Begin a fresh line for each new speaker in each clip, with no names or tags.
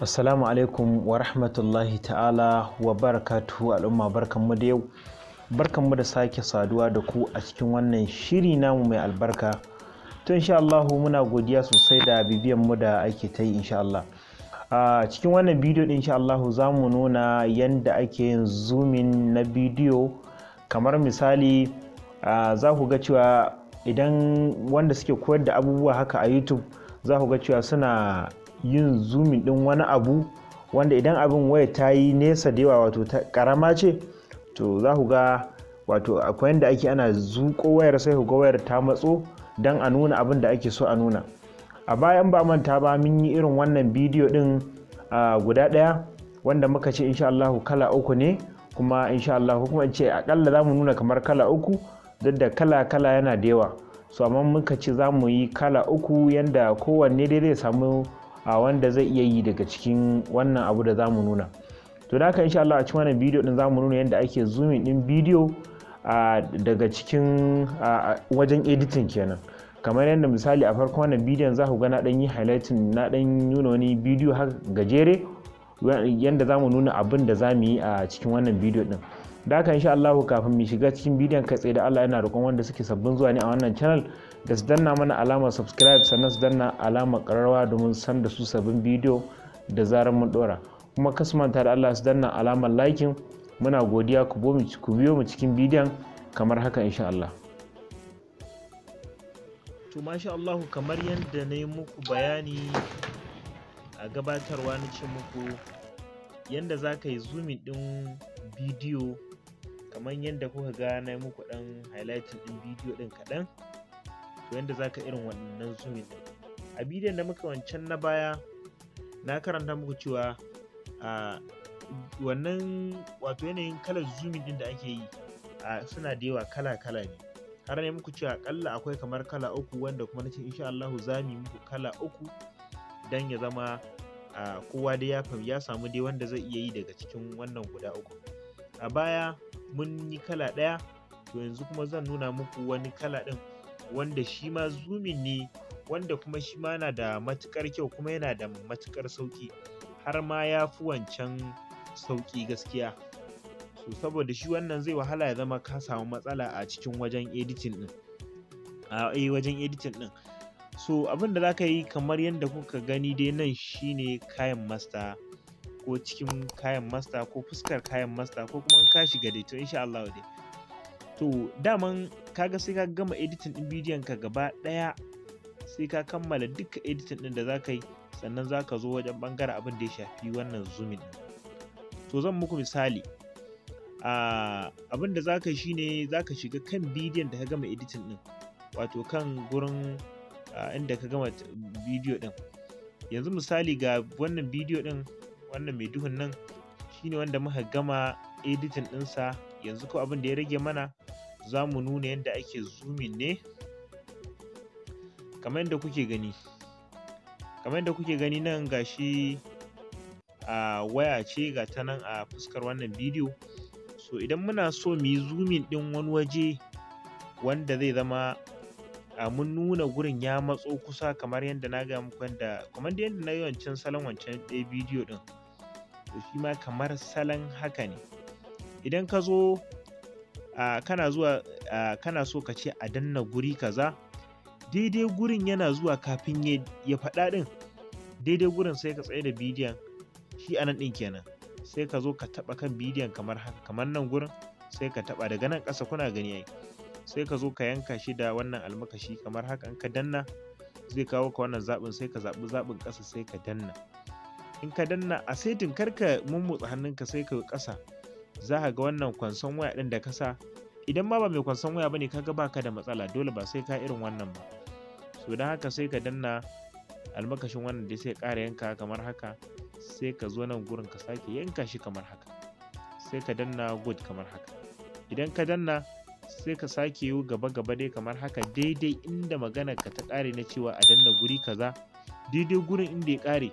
Assalamu alaikum wa rahmatullahi ta'ala wa barakatu al'umma barkanmu da yau barkanmu da sake saduwa da ku a cikin wannan shiri namu mai albarka to insha Allah muna godiya sosai da bibiyan mu da ake ta yi insha Allah a cikin wannan bidiyo din insha Allah za mu nuna yanda ake yin zoomin na bidiyo kamar misali za ku ga cewa idan wanda suke koyar da abubuwa haka a YouTube za ku ga cewa suna yin zumi ɗin wani abu wanda idan abin waya ta yi nesa da yawa wato karama ce to za ku ga wato akwai yadda ake ana zuƙo wayar sai ku ga wayar ta matso don a nuna abin da ake so a nuna a bayan ba manta ba mun yi irin wannan bidiyo ɗin guda ɗaya wanda muka ce insha Allah kala uku ne kuma insha Allah kuma ce akalla za mu nuna kamar kala uku duk da kala kala yana da yawa so amma muka ce za mu yi kala uku yanda kowanne dai zai samu a wanda zai iya yi daga cikin wannan abu da zamu nuna to da haka insha Allah a cikin wannan bidiyo din zamu nuna yadda ake zooming din bidiyo daga cikin wajen editing kenan kamar yadda misali a farkon wannan bidiyon za ku ga na dan yi highlighting na dan nuna wani bidiyo har gajere yadda za mu nuna abin da za mu yi a cikin wannan bidiyo din da haka insha Allah kafin mu shiga cikin bidiyon kai tsaye da Allah yana roƙon wanda suke sabbin zuwa ne a wannan channel da su danna mana alamar subscribe sannan su danna alamar ƙararrawa domin san da su sabbin bidiyo da zarar mun ɗora kuma kasmanta da Allah su danna alamar liking muna godiya ku biyo mu cikin bidiyon kamar haka insha Allah to masha Allah kamar yadda na yi muku bayani a gabatarwa na ce muku yadda za ka yi zumi ɗin bidiyo kamar yadda kuka ga na muku ɗan highlighting ɗin bidiyo ɗin kaɗan to yadda za ka irin wannan zumi ɗin a bidiyon da muka wancan na baya na karanta muku cewa a wannan wato yanayin kalar zumi ɗin da ake yi a suna da yawa kala-kala ne har ne muku cewa akalla akwai kamar kala uku wanda kuma na ce insha Allahu za mu yi muku kala uku don ya zama kowa da ya samu dai wanda zai iya yi daga cikin wannan guda uku a baya mun yi kala ɗaya to yanzu kuma zan nuna muku wani kala ɗin wanda shi ma zumin ne wanda kuma shi ma yana da matukar kyau kuma yana da matukar sauƙi har ma ya fi wancan sauƙi gaskiya so saboda shi wannan zai wahala ya zama ka samu matsala a cikin wajen editing din a eh, wajen editing ɗin so abin da za ka yi kamar yadda kuka gani dai nan shine kayan masta ko cikin kayan masta ko fuskar kayan masta ko kuma in ka shiga dai to insha Allah dai to daman kaga sai ka gama editing din bidiyon ka gaba daya sai ka kammala duka editing din da za ka yi sannan za ka zo wajen bangare abin da ya shafi wannan zoomin to zan muku misali abin da za ka shine za ka shiga kan bidiyon da ka gama editing din wato kan gurin inda ka gama bidiyo ɗin yanzu misali ga wannan bidiyo ɗin wannan mai duhun nan shine wanda muka gama editin ɗinsa yanzu ko abin da ya rage mana za mu nuna yadda ake zooming ne kamar yadda kuke gani kamar yadda kuke gani nan gashi a waya ce ga ta nan a fuskar wannan bidiyo so idan muna so mu yi zoomin ɗin wani waje wanda zai zama mun nuna gurin ya matso kusa kamar yadda na ga muku yadda kamar da yadda na yi wancan salon wancan ɗaya bidiyo ɗin to shi ma kamar salon haka ne idan ka zo kana zuwa kana so ka ce a danna guri kaza daidai gurin yana zuwa kafin ya faɗa ɗin daidai gurin sai ka tsaye da bidiyon shi anan ɗin kenan sai ka zo ka taɓa kan bidiyon kamar haka kamar nan gurin sai ka taɓa daga nan ƙasa kuna gani ai sai ka zo ka yanka shi da wannan almakashi kamar haka in ka danna zai kawo ka wannan zaɓin sai ka zaɓi zaɓin ƙasa sai ka danna in ka danna a kar karka mummutsa hannunka sai ka ƙasa za ka ga wannan kwanson waya ɗin da ka sa idan ma ba mai kwanson waya bane kaga baka da matsala dole ba sai ka irin wannan ba so don haka sai ka danna almakashin wannan dai sai ƙara yanka kamar haka sai ka zo nan gurin ka sake yanka shi kamar haka sai ka danna good kamar haka idan ka danna sai ka sake yi gaba gaba dai kamar haka daidai inda maganar ka ta ƙare na cewa a danna guri kaza daidai gurin inda ya ƙare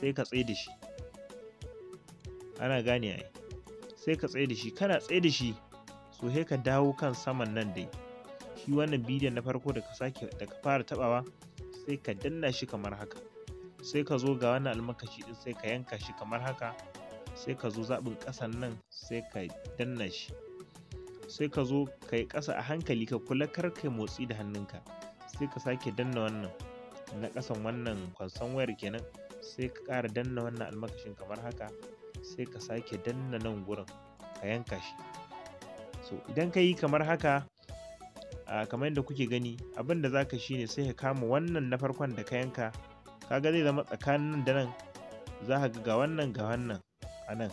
sai ka tsaye da shi ana gane ai sai ka tsaye da shi kana tsaye da shi so sai ka dawo kan saman nan dai shi wannan bidiyon na farko da ka sake da ka fara tabawa sai ka danna shi kamar haka sai ka zo ga wannan almakashi din sai ka yanka shi kamar haka sai ka zo zaɓin ƙasan nan sai ka danna shi sai ka zo ka yi ƙasa a hankali ka kula kar ka motsi da hannunka sai ka sake danna wannan na ƙasan wannan kwanson wayar kenan sai ka ƙara danna wannan almakashin kamar haka sai ka sake danna nan gurin ka yanka shi so idan ka yi kamar haka a kamar yadda kuke gani abin da zaka ne sai ka kama wannan na farkon da ka yanka kaga zai zama tsakanin da nan za ka ga wannan ga wannan a nan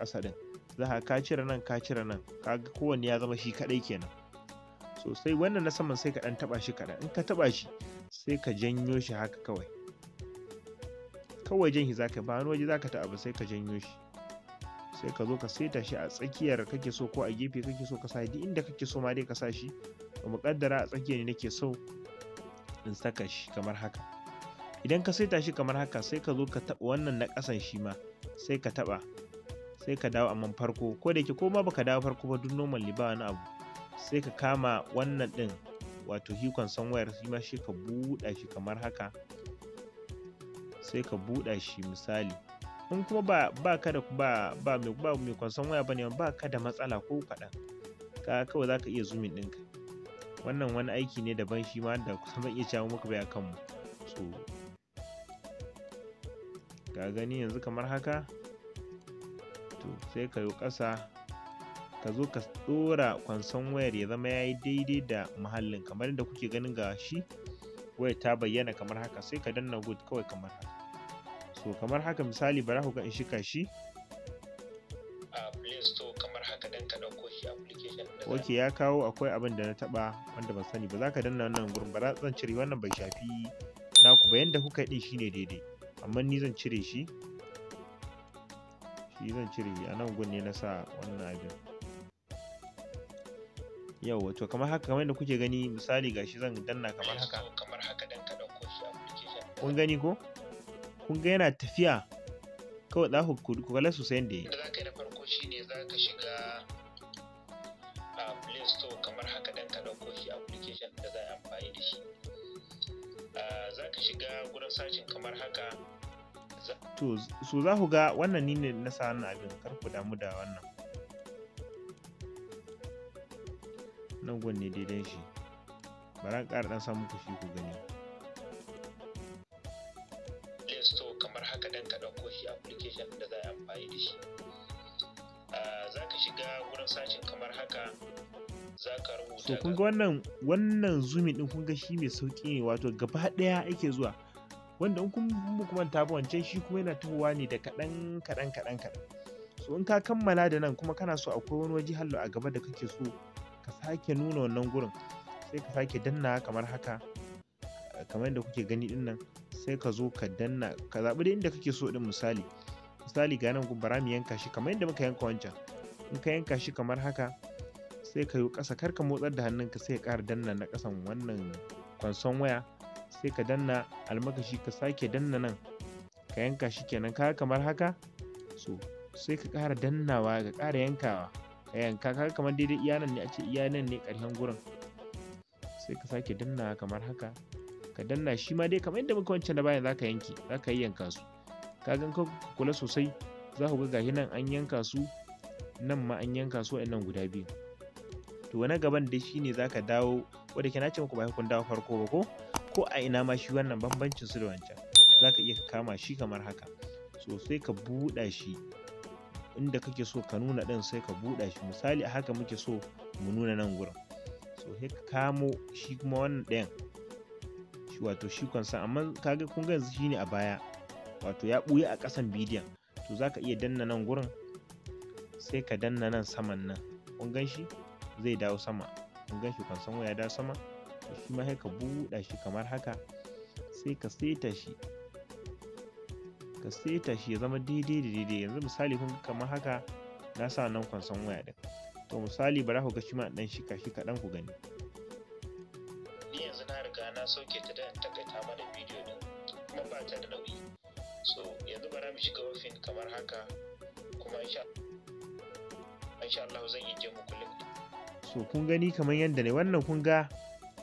ƙasa ɗin za ka ka cire nan ka cire nan kaga kowanne ya zama shi kaɗai kenan sosai wannan na saman sai ka dan taba shi kadan in ka taba shi sai ka janyo shi haka kawai kawai jan shi zaka ba wani waje zaka ta abu sai ka janyo shi sai ka zo ka saita shi a tsakiyar kake so ko a gefe kake so ka sa duk inda kake so ma dai ka sa shi mu kaddara a tsakiya ne nake so in saka shi kamar haka idan ka saita shi kamar haka sai ka zo ka taɓa wannan na ƙasan shi ma sai ka taɓa sai ka dawo amman farko ko da ke ko ma baka dawo farko ba duk normal ba wani abu sai ka kama wannan ɗin wato hikon somewhere shi ma shi ka buɗa shi kamar haka sai ka buɗa shi misali in kuma ba ba ka da ba mai ba mai kwanson waya bane ba ka da matsala ko kaɗan ka kawai za ka iya zoomin ɗinka wannan wani aiki ne daban shi ma da kusan zan iya jawo muku bai akan mu so ka gani yanzu kamar haka to sai ka yi ƙasa ka zo ka tsora kwanson wayar ya zama ya yi daidai da muhallin kamar yadda kuke ganin ga shi wayar ta bayyana kamar haka sai ka danna good kawai kamar haka so kamar haka misali bara ku ga in shika shi ok ya kawo akwai abin da na taba wanda ban sani ba za ka danna wannan gurin ba za zan cire wannan bai shafi naku ba yanda kuka yi din shine daidai amma ni zan cire shi shi zan cire a nan gun ne na sa wannan abin yau wato kamar haka kamar yadda kuke gani misali gashi zan danna kamar haka kamar haka dan ka dauko shi a application kun gani ko kun ga yana tafiya kawai za ku ku kalla sosai yadda yi za ka yi na farko shi ne za ka shiga a play store kamar haka dan ka dauko shi a application da za a amfani da shi za ka shiga gurin sashin kamar haka to so za ku ga wannan ni ne na sa wannan abin kar ku damu da wannan nan gwanne daidan shi bari an ƙara ɗan samun shi ku gani play store kamar haka ɗan ka ɗauko shi application da za a amfani da shi ah, za ka shiga wurin sashin kamar haka za ka rubuta to kun ga wannan wannan zumi ɗin kun ga shi mai sauƙi ne wato gaba ɗaya ake zuwa wanda in muku manta ba wancan shi kuma yana tahowa ne da kaɗan kaɗan kaɗan kaɗan so in ka kammala da nan kuma kana so akwai wani waje hallo a gaba da kake so ka sake nuna wannan gurin sai ka sake danna kamar haka kamar yadda kuke gani din nan sai ka zo ka danna ka zaɓi da inda kake so din misali misali ga nan bara mu yanka shi kamar yadda muka yanka wancan in ka yanka shi kamar haka sai ka yi ƙasa kar ka motsar da hannunka sai ka ƙara danna na ƙasan wannan kwanson waya sai ka danna almakashi ka sake danna nan ka yanka shi kenan ka kamar haka so sai ka ƙara dannawa ka ƙara yankawa ka yanka ka kamar daidai iya nan ne a ce iya nan ne ƙarshen gurin sai ka sake dannawa kamar haka ka danna shi ma dai kamar yadda muka wancan da bayan za ka yanke yi yanka su ka gan ka kula sosai za ku ga gashi nan an yanka su nan ma an yanka su nan guda biyu to wani gaban dai shine za ka dawo wadda ke na ce muku ba kun dawo farko ba ko ko a ina ma shi wannan bambancin su da wancan za ka iya kama shi kamar haka so sai ka buɗa shi inda kake so ka nuna ɗin sai ka buɗa shi misali a haka muke so mu nuna nan gurin so sai ka kamo shi kuma wannan ɗayan shi wato shi kwansa amma kaga kun ga yanzu ne a baya wato ya ɓuya a ƙasan bidiyon to za ka iya danna nan gurin sai ka danna nan saman nan kun gan shi zai dawo sama kun gan shi kwansan waya dawo sama shi ma ka buɗa shi kamar haka sai ka seta shi ka seta shi ya zama daidai da daidai yanzu misali kun kamar haka na sa nan kwanson waya din to misali bara ku ga shi ma dan shika shi kaɗan ku gani ni yanzu na riga na sauke ta da takaita mana bidiyo din kuma ba ta da nauyi so yanzu bara mu shiga wafin kamar haka kuma insha Allah zan yi je muku so kun gani kamar yadda ne wannan kun ga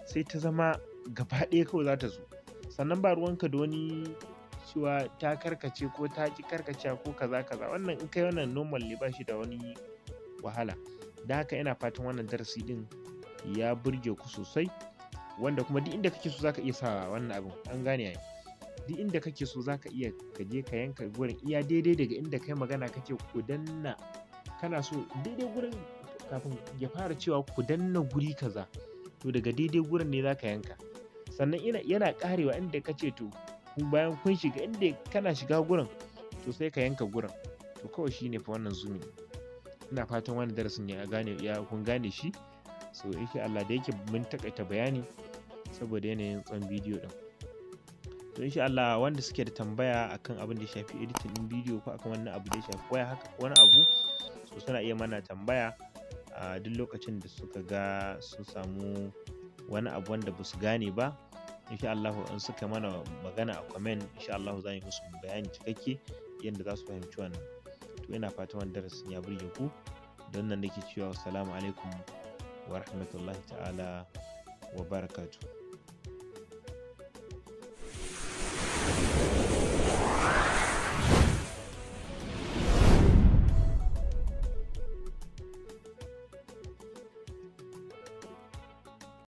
sai ta zama gaba ɗaya kawai za ta zo sannan ba ruwanka da wani cewa ta karkace ko ta ki karkace ko kaza kaza wannan in kai wannan normal ne ba shi da wani wahala da haka yana fatan wannan darasi din ya burge ku sosai wanda kuma duk inda kake so zaka iya sa wannan abin an gane yayi duk inda kake so zaka iya ka je ka yanka gurin iya daidai daga inda kai magana kake ku danna kana so daidai gurin kafin ya fara cewa ku danna guri kaza to daga daidai gurin ne za ka yanka sannan ina yana karewa inda ka ce to bayan kun shiga inda kana shiga gurin to sai ka yanka gurin to kawai shi ne fa wannan zumi ina fatan wani darasin ya gane ya kun gane shi so yake Allah da yake mun takaita bayani saboda yanayin tsan bidiyo din to insha Allah wanda suke da tambaya akan abin da ya shafi editing din bidiyo ko akan wannan abu da ya shafi waya haka wani abu so suna iya mana tambaya a duk lokacin da suka ga sun samu wani abu wanda ba su gane ba insha Allah in suka mana magana a comment insha Allah za mu musu bayani cikakke yadda za su fahimci wannan to ina fatan wannan darasin ya burge ku don nan nake cewa assalamu alaikum wa rahmatullahi ta'ala wa barakatuh